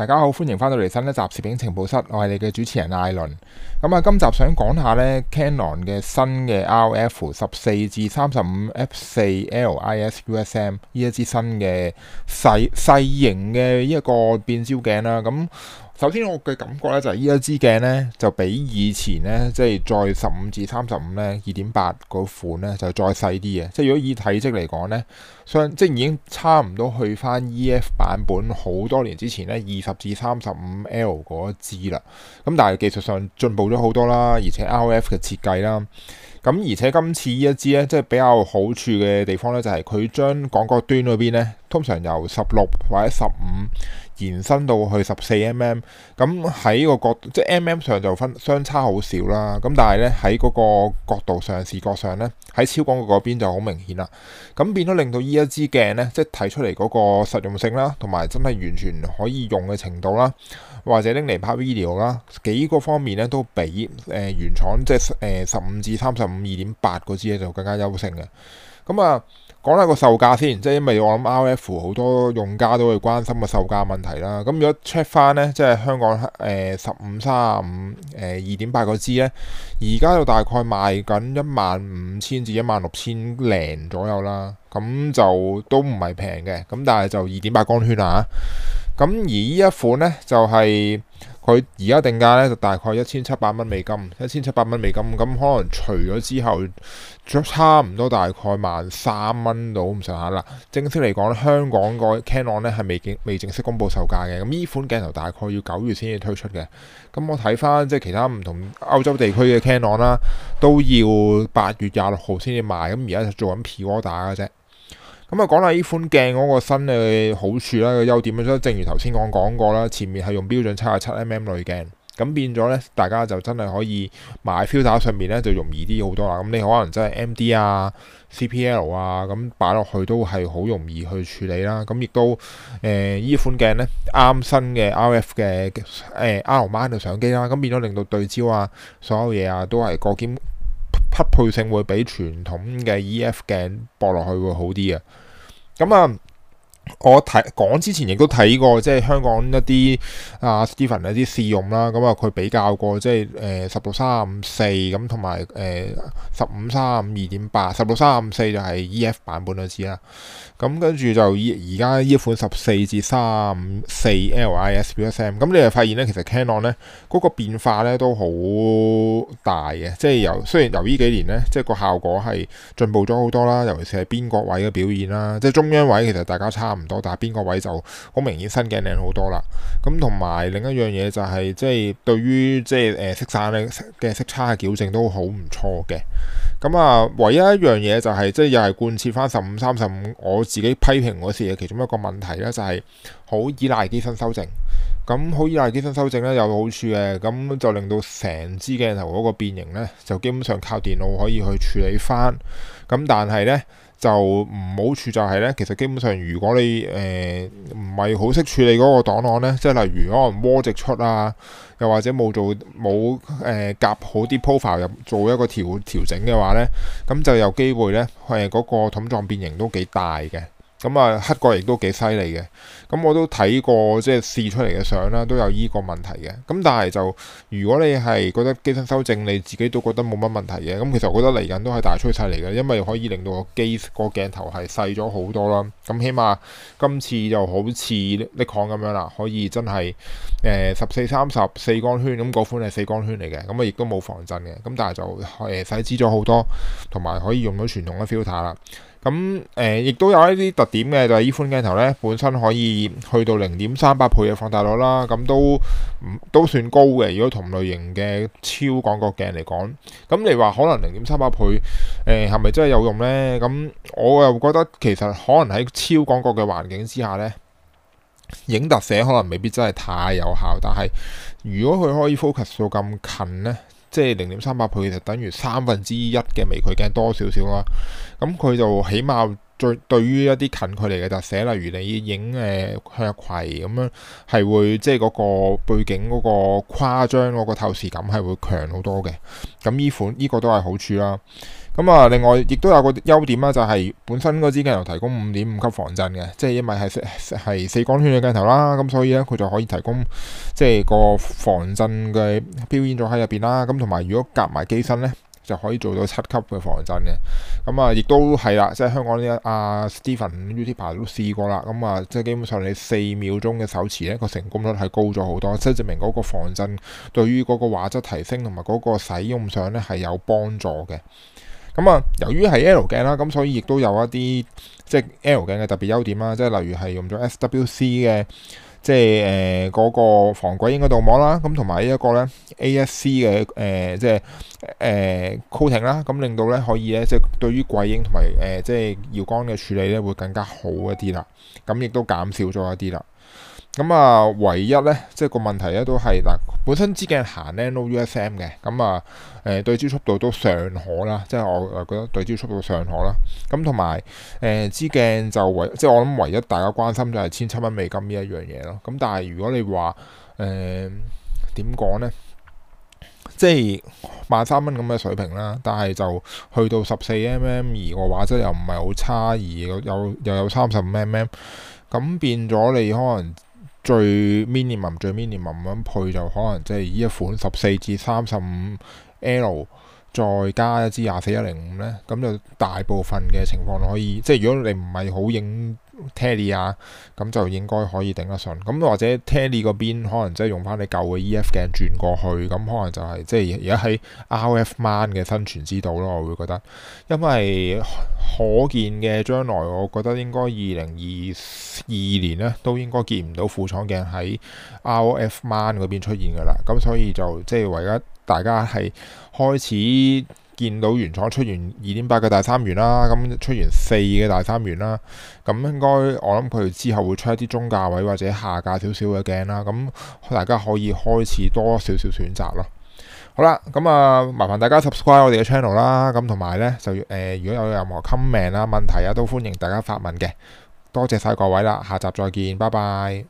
大家好，歡迎翻到嚟，新一集攝影情報室，我係你嘅主持人艾倫。咁啊，今集想講下咧，Canon 嘅新嘅 RF 十四至三十五 F 四 L I S U S M 呢一支新嘅細細型嘅一個變焦鏡啦，咁、嗯。首先我嘅感覺咧就係呢一支鏡咧就比以前咧即係再十五至三十五咧二點八嗰款咧就再細啲嘅，即係如果以體積嚟講咧，相即係已經差唔多去翻 E F 版本好多年之前咧二十至三十五 L 嗰一支啦。咁但係技術上進步咗好多啦，而且 R F 嘅設計啦，咁而且今次呢一支咧即係比較好處嘅地方咧就係佢將廣角端嗰邊咧。通常由十六或者十五延伸到去十四 mm，咁喺個角即係 mm 上就分相差好少啦。咁但係呢，喺嗰個角度上，視覺上呢，喺超廣角嗰邊就好明顯啦。咁變咗令到呢一支鏡呢，即係睇出嚟嗰個實用性啦，同埋真係完全可以用嘅程度啦，或者拎嚟拍 video 啦，幾個方面呢都比誒、呃、原廠即係誒十五至三十五二點八嗰支咧就更加優勝嘅。咁啊，講下個售價先，即係因為我諗 RF 好多用家都會關心個售價問題啦。咁如果 check 翻呢，即係香港誒十五三五誒二點八嗰支呢，而家就大概賣緊一萬五千至一萬六千零左右啦。咁就都唔係平嘅，咁但係就二點八光圈啊。咁而呢一款呢，就係佢而家定價呢，就大概一千七百蚊美金，一千七百蚊美金咁可能除咗之後，差唔多大概萬三蚊到咁上下啦。正式嚟講，香港個 Canon 呢係未未正式公布售價嘅，咁呢款鏡頭大概要九月先至推出嘅。咁我睇翻即係其他唔同歐洲地區嘅 Canon 啦，都要八月廿六號先至賣，咁而家就做緊 P.O. 打嘅啫。咁啊，講下呢款鏡嗰個新嘅好處啦，個優點啦。咁正如頭先我講過啦，前面係用標準七十七 mm 濾鏡，咁變咗咧，大家就真係可以買 filter 喺上面咧，就容易啲好多啦。咁你可能真係 MD 啊、CPL 啊，咁擺落去都係好容易去處理啦。咁亦都誒呢、呃、款鏡咧啱新嘅 RF 嘅誒 RMan 嘅相機啦，咁變咗令到對焦啊所有嘢啊都係過檢。匹配性會比傳統嘅 EF 鏡播落去會好啲啊！咁啊，我睇講之前亦都睇過，即係香港一啲阿、啊、Steven 一啲試用啦。咁啊，佢比較過即係誒十六三五四咁，同埋誒十五三五二點八，十六三五四就係 EF 版本嗰支啦。咁跟住就而而家呢一款十四至三五四 L IS USM，咁你又發現咧，其實 Canon 咧嗰、那個變化咧都好大嘅，即係由雖然由依幾年咧，即係個效果係進步咗好多啦，尤其是係邊個位嘅表現啦，即係中央位其實大家差唔多，但係邊個位就好明顯新鏡靚好多啦。咁同埋另一樣嘢就係、是、即係對於即係誒色散咧嘅色差嘅矯正都好唔錯嘅。咁啊，唯一一樣嘢就係、是、即係又係貫徹翻十五三十五我。自己批評嗰時嘅其中一個問題咧，就係好依賴機身修正。咁好依賴機身修正咧，有好處嘅，咁就令到成支鏡頭嗰個變形咧，就基本上靠電腦可以去處理返。咁但係咧。就唔好處就係咧，其實基本上如果你誒唔係好識處理嗰個檔案咧，即係例如可能窩直出啊，又或者冇做冇誒夾好啲 profile 入做一個調調整嘅話咧，咁就有機會咧誒嗰個桶狀變形都幾大嘅。咁啊、嗯，黑角亦都幾犀利嘅。咁、嗯、我都睇過，即係試出嚟嘅相啦，都有依個問題嘅。咁、嗯、但係就如果你係覺得機身修正，你自己都覺得冇乜問題嘅。咁、嗯、其實我覺得嚟緊都係大趨勢嚟嘅，因為可以令到個機個鏡頭係細咗好多啦。咁、嗯、起碼今次就好似 Nikon 咁樣啦，可以真係誒十四三十四光圈咁，嗰、嗯、款係四光圈嚟嘅。咁、嗯、啊，亦都冇防震嘅。咁、嗯、但係就誒細支咗好多，同埋可以用到傳統嘅 filter 啦。咁誒，亦、呃、都有一啲特點嘅，就係呢款鏡頭呢本身可以去到零點三八倍嘅放大率啦，咁都都算高嘅。如果同類型嘅超廣角鏡嚟講，咁你話可能零點三八倍誒，係、呃、咪真係有用呢？咁我又覺得其實可能喺超廣角嘅環境之下呢，影特寫可能未必真係太有效。但係如果佢可以 focus 到咁近呢？即係零點三八倍就等於三分之一嘅微距鏡多少少啦，咁佢就起碼最對於一啲近距離嘅特寫，例如你影誒、呃、向日葵咁樣，係會即係嗰個背景嗰個誇張嗰個透視感係會強好多嘅，咁呢款呢、這個都係好處啦。咁啊、嗯，另外亦都有個優點啦，就係、是、本身嗰支鏡頭提供五點五級防震嘅，即係因為係係四,四光圈嘅鏡頭啦，咁所以咧佢就可以提供即係個防震嘅表現咗喺入邊啦。咁同埋如果夾埋機身咧，就可以做到七級嘅防震嘅。咁、嗯、啊，亦都係啦，即係香港呢阿、啊、Steven YouTuber 都試過啦。咁、嗯、啊，即係基本上你四秒鐘嘅手持咧，個成功率係高咗好多，即係證明嗰個防震對於嗰個畫質提升同埋嗰個使用上咧係有幫助嘅。咁啊，由於係 L 鏡啦，咁所以亦都有一啲即係 L 鏡嘅特別優點啦，即係例如係用咗 SWC 嘅即係誒嗰個防鬼影嘅鍍膜啦，咁同埋一個咧 ASC 嘅誒即係誒 coating 啦，咁、呃就是呃、令到咧可以咧即係對於鬼影同埋誒即係耀光嘅處理咧會更加好一啲啦，咁亦都減少咗一啲啦。咁啊，唯一呢，即係個問題咧，都係嗱，本身支鏡行呢 No USM 嘅，咁啊，誒、呃、對焦速度都尚可啦，即係我係覺得對焦速度尚可啦。咁同埋誒支鏡就唯，即係我諗唯一大家關心就係千七蚊美金呢一樣嘢咯。咁但係如果你話誒點講呢？即係萬三蚊咁嘅水平啦，但係就去到十四 mm 而個畫質又唔係好差，而有，有又有三十五 mm，咁變咗你可能。最 minimum 最 minimum 咁配就可能即係呢一款十四至三十五 L，再加一支廿四一零五咧，咁就大部分嘅情況可以。即係如果你唔係好影。Terry 啊，咁、嗯、就應該可以頂得順。咁或者 Terry 嗰邊可能即係用翻你舊嘅 EF 鏡轉過去，咁可能就係、是、即係而家喺 RF man 嘅生存之道咯。我會覺得，因為可見嘅將來，我覺得應該二零二二年呢，都應該見唔到副廠鏡喺 RF man 嗰邊出現噶啦。咁所以就即係而家大家係開始。見到原廠出完二點八嘅大三元啦，咁出完四嘅大三元啦，咁應該我諗佢之後會出一啲中價位或者下價少少嘅鏡啦，咁大家可以開始多少少選擇咯。好啦，咁啊，麻煩大家 subscribe 我哋嘅 channel 啦，咁同埋呢，就誒、呃，如果有任何 comment 啊問題啊，都歡迎大家發問嘅。多謝晒各位啦，下集再見，拜拜。